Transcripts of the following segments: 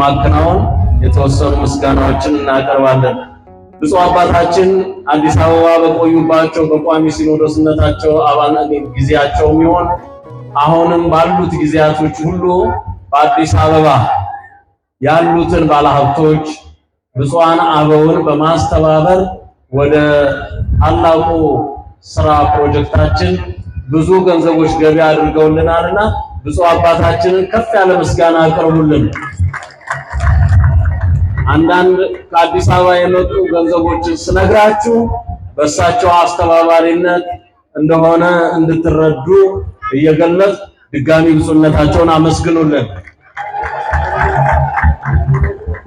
በማከናወን የተወሰኑ ምስጋናዎችን እናቀርባለን። ብፁዕ አባታችን አዲስ አበባ በቆዩባቸው በቋሚ ሲኖዶስነታቸው አባልነት ጊዜያቸው የሚሆን አሁንም ባሉት ጊዜያቶች ሁሉ በአዲስ አበባ ያሉትን ባለሀብቶች ብፁዓን አበውን በማስተባበር ወደ ታላቁ ስራ ፕሮጀክታችን ብዙ ገንዘቦች ገቢ አድርገውልናልና ብፁዕ አባታችንን ከፍ ያለ ምስጋና አቅርቡልን። አንዳንድ ከአዲስ አበባ የመጡ ገንዘቦችን ስነግራችሁ በእሳቸው አስተባባሪነት እንደሆነ እንድትረዱ እየገለጽ ድጋሚ ብፁዕነታቸውን አመስግኑልን።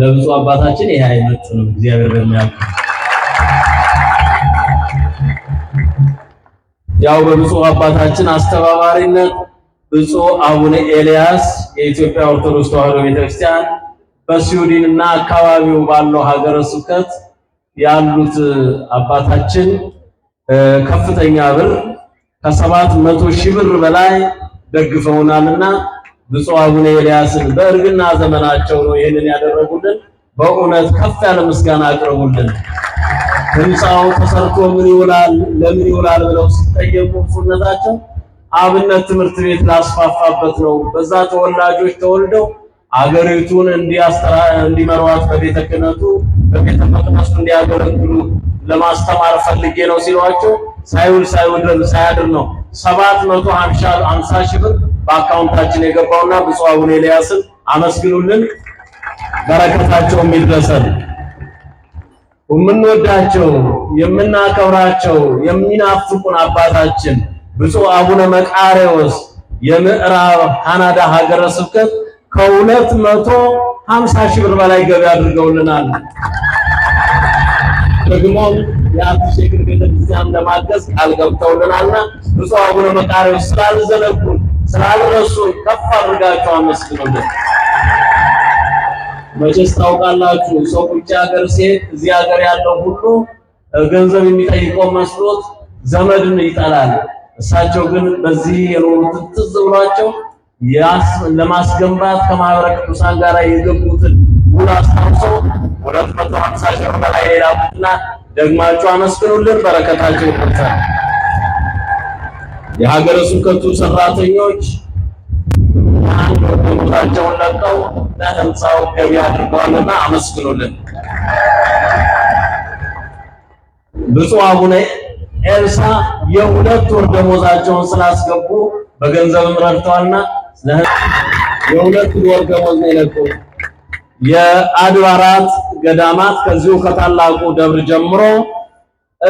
ለብፁዕ አባታችን ይሄ ነው። እግዚአብሔር በሚያውቅ ያው በብፁዕ አባታችን አስተባባሪነት ብፁዕ አቡነ ኤልያስ የኢትዮጵያ ኦርቶዶክስ ተዋሕዶ ቤተክርስቲያን በስዊድን እና አካባቢው ባለው ሀገረ ስብከት ያሉት አባታችን ከፍተኛ ብር ከሰባት መቶ ሺህ ብር በላይ ደግፈውናልና ብፁዕ አቡነ ኤልያስን በእርግና ዘመናቸው ነው ይህንን ያደረጉልን። በእውነት ከፍ ያለ ምስጋና አቅርቡልን። ህንፃው ተሰርቶ ምን ይውላል ለምን ይውላል ብለው ሲጠየቁ እሱነታቸው አብነት ትምህርት ቤት ላስፋፋበት ነው። በዛ ተወላጆች ተወልደው አገሪቱን እንዲመሯት በቤተ ክህነቱ በቤተ መቅደሱ እንዲያገለግሉ ለማስተማር ፈልጌ ነው ሲሏቸው ሳይውል ሳይውል ሳያድር ነው 750 50 ሺህ ብር በአካውንታችን የገባውና ብፁዕ አቡነ ኤልያስን አመስግኑልን። በረከታቸው የሚድረሰን የምንወዳቸው የምናከብራቸው የሚናፍቁን አባታችን ብፁዕ አቡነ መቃርዮስ የምዕራብ ካናዳ ሀገረ ስብከት ከሁለት መቶ ሀምሳ ሺህ ብር በላይ ገቢ አድርገውልናል። ደግሞ የአብሼግን ቤተክርስቲያን ለማገዝ ቃል ገብተውልናልና ብፁዕ አቡነ መቃርዮስ ስላልዘነጉን ስላልረሱን ከፍ አድርጋቸው አመስግኑልን። መቼስ ታውቃላችሁ ሰው ውጭ ሀገር ሲሄድ እዚህ ሀገር ያለው ሁሉ ገንዘብ የሚጠይቀው መስሎት ዘመድን ይጠላል። እሳቸው ግን በዚህ የኖሩት ትዝ ብሏቸው ለማስገንባት ከማህበረ ቅዱሳን ጋር የገቡትን ውል አስታውሶ ሁለት መቶ ሀምሳ ሺህ በላይ የላኩትና ደግማችሁ አመስግኑልን። በረከታቸው ይቆጣል። የሀገረ ስብከቱ ሰራተኞች አንድ ቦታቸውን ለቀው ለህንፃው ገቢ አድርገዋልና አመስግኑልን። ብፁዕ አቡነ ኤልሳ የሁለት ወር ደሞዛቸውን ስላስገቡ በገንዘብም ረድተዋልና የሁለቱን ወር ደመወዝ ነው የለቀው። የአድባራት ገዳማት ከዚሁ ከታላቁ ደብር ጀምሮ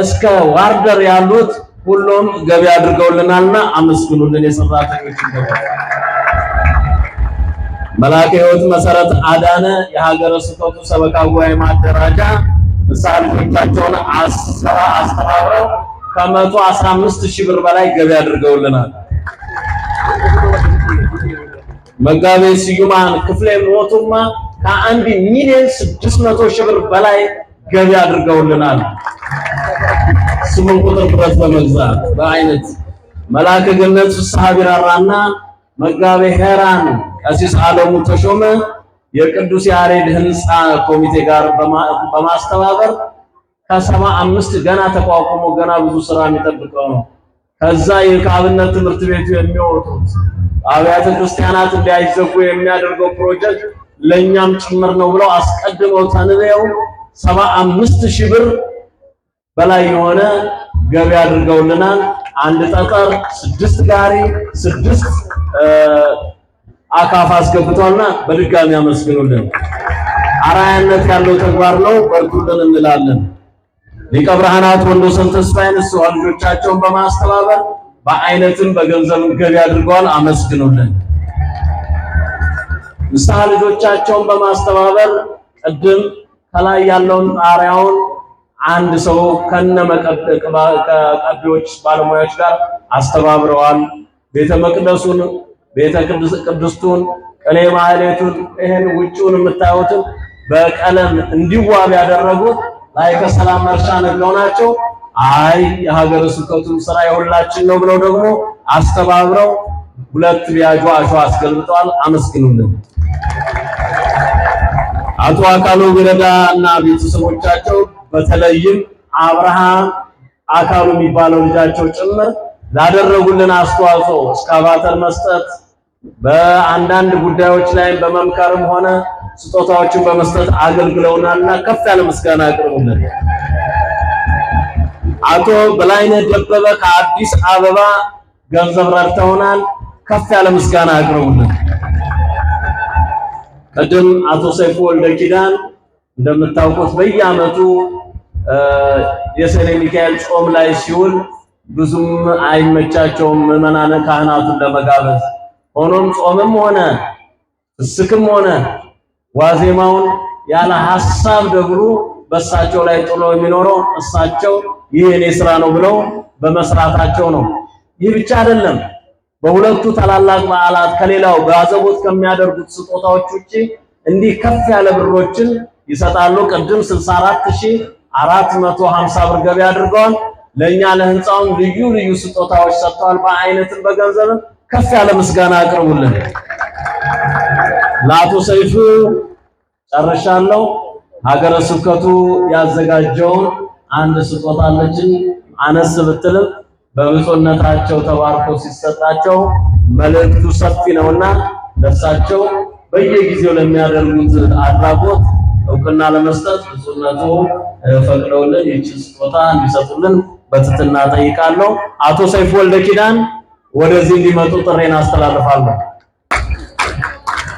እስከ ዋርደር ያሉት ሁሉም ገቢ አድርገውልናልና አመስግኑልን። የሰራተኞች መልአከ ሕይወት መሰረት አዳነ የሀገረ ስብከቱ ሰበካ ጉባኤ ማደራጃ ንስሐ አስራ አስተባብረው ከመቶ አስራ አምስት ሺህ ብር በላይ ገቢ አድርገውልናል። መጋቤ ስዩማን ክፍሌ ሞቱማ ከአንድ ሚሊዮን ስድስት መቶ ሺህ ብር በላይ ገቢ አድርገውልናል። ስሙን ቁጥር ብረት በመግዛት በአይነት መልአከ ገነት ፍስሐ ቢራራና መጋቤ ሄራን ቀሲስ አለሙ ተሾመ የቅዱስ ያሬድ ህንፃ ኮሚቴ ጋር በማስተባበር ከሰባ አምስት ገና ተቋቁሞ ገና ብዙ ስራ የሚጠብቀው ነው። ከዛ የካህንነት ትምህርት ቤቱ የሚወጡት አብያተ ክርስቲያናት እንዳይዘጉ የሚያደርገው ፕሮጀክት ለእኛም ጭምር ነው ብለው አስቀድመው ተንበው ሰባ አምስት ሺህ ብር በላይ የሆነ ገቢ አድርገውልናል። አንድ ጠጠር፣ ስድስት ጋሪ፣ ስድስት አካፋ አስገብቷልና በድጋሚ አመስግኑልን። አራያነት ያለው ተግባር ነው። በርቱልን እንላለን። ሊቀ ብርሃናት ወንዶሰን ተስፋዬን እሱዋ ልጆቻቸውን በማስተባበር በአይነትም በገንዘብም ገቢ አድርገዋል። አመስግኑልን። ንስሐ ልጆቻቸውን በማስተባበር ቅድም ከላይ ያለውን ጣሪያውን አንድ ሰው ከነ ቀቢዎች ባለሙያዎች ጋር አስተባብረዋል። ቤተ መቅደሱን፣ ቤተ ቅድስቱን፣ ቅኔ ማህሌቱን፣ ይህን ውጭውን የምታዩትን በቀለም እንዲዋብ ያደረጉት ላይ ከሰላም መርሻ ናቸው። አይ የሀገረ ስብከቱም ስራ የሁላችን ነው ብለው ደግሞ አስተባብረው ሁለት ቢያጁ አሸዋ አስገልብጠዋል። አመስግኑልን። አቶ አካሉ ገረዳ እና ቤተሰቦቻቸው በተለይም አብርሃም አካሉ የሚባለው ልጃቸው ጭምር ላደረጉልን አስተዋጽኦ እስካቫተር መስጠት በአንዳንድ ጉዳዮች ላይ በመምከርም ሆነ ስጦታዎችን በመስጠት አገልግለውናልና ከፍ ያለ ምስጋና አቅርቡልን። አቶ በላይነህ ደበበ ከአዲስ አበባ ገንዘብ ረድተውናል። ከፍ ያለ ምስጋና አቅርቡልን። ቅድም አቶ ሰይፉ ወልደ ኪዳን እንደምታውቁት በየዓመቱ የሰኔ ሚካኤል ጾም ላይ ሲውል ብዙም አይመቻቸውም ምዕመናን ካህናቱን ለመጋበዝ። ሆኖም ጾምም ሆነ ፍስክም ሆነ ዋዜማውን ያለ ሐሳብ ደግሞ በእሳቸው ላይ ጥሎ የሚኖረው እሳቸው ይህ የኔ ስራ ነው ብለው በመስራታቸው ነው። ይህ ብቻ አይደለም። በሁለቱ ታላላቅ በዓላት ከሌላው በአዘቦት ከሚያደርጉት ስጦታዎች ውጪ እንዲህ ከፍ ያለ ብሮችን ይሰጣሉ። ቅድም 64450 ብር ገቢ አድርገዋል። ለኛ ለህንፃውም ልዩ ልዩ ስጦታዎች ሰጥተዋል። በአይነትም በገንዘብም ከፍ ያለ ምስጋና አቅርቡልን። ለአቶ ሰይፉ ጨርሻለሁ። ሀገረ ስብከቱ ያዘጋጀውን አንድ ስጦታለችን አነስ ብትልም በብፁዕነታቸው ተባርኮ ሲሰጣቸው መልእክቱ ሰፊ ነውና ለሳቸው በየጊዜው ለሚያደርጉት አድራጎት እውቅና ለመስጠት ብፁዕነቱ ፈቅደውልን ይህችን ስጦታ እንዲሰጡልን በትትና ጠይቃለሁ። አቶ ሰይፉ ወልደ ኪዳን ወደዚህ እንዲመጡ ጥሬን አስተላልፋለሁ።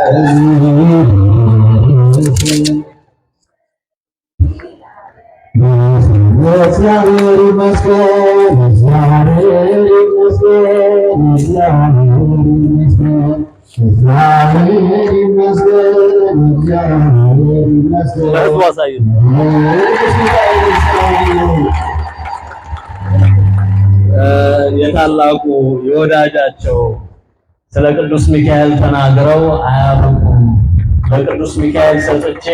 እግዚአብሔር ይመስገን፣ እግዚአብሔር ይመስገን፣ እግዚአብሔር ይመስገን፣ የታላቁ የወዳጃቸው ስለ ቅዱስ ሚካኤል ተናግረው አያበቁም፣ በቅዱስ ሚካኤል ሰጥቼ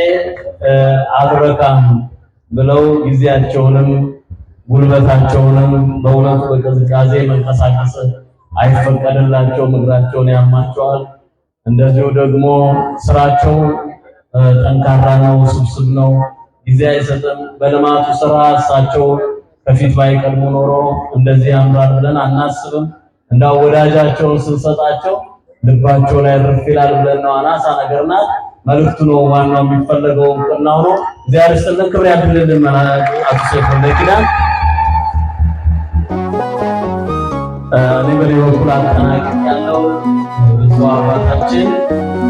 አትረካም ብለው ጊዜያቸውንም ጉልበታቸውንም በእውነቱ በቅዝቃዜ መንቀሳቀስ አይፈቀድላቸውም፣ እግራቸውን ያማቸዋል። እንደዚሁ ደግሞ ስራቸው ጠንካራ ነው፣ ስብስብ ነው፣ ጊዜ አይሰጥም። በልማቱ ስራ እሳቸው ከፊት ባይቀድሙ ኖሮ እንደዚህ ያምራል ብለን አናስብም። እና ወዳጃቸውን ስንሰጣቸው ልባቸው ላይ ርፍ ይላል ብለን ነው። አናሳ ነገር ናት። መልእክቱ ነው ዋናው የሚፈለገው ቅናው ነው። እግዚአብሔር ይስጥልን፣ ክብር ያድልልን። ማለት አቶ ሰይፉ ኪዳን እኔ በሌላ በኩል ያለው ብዙ አባታችን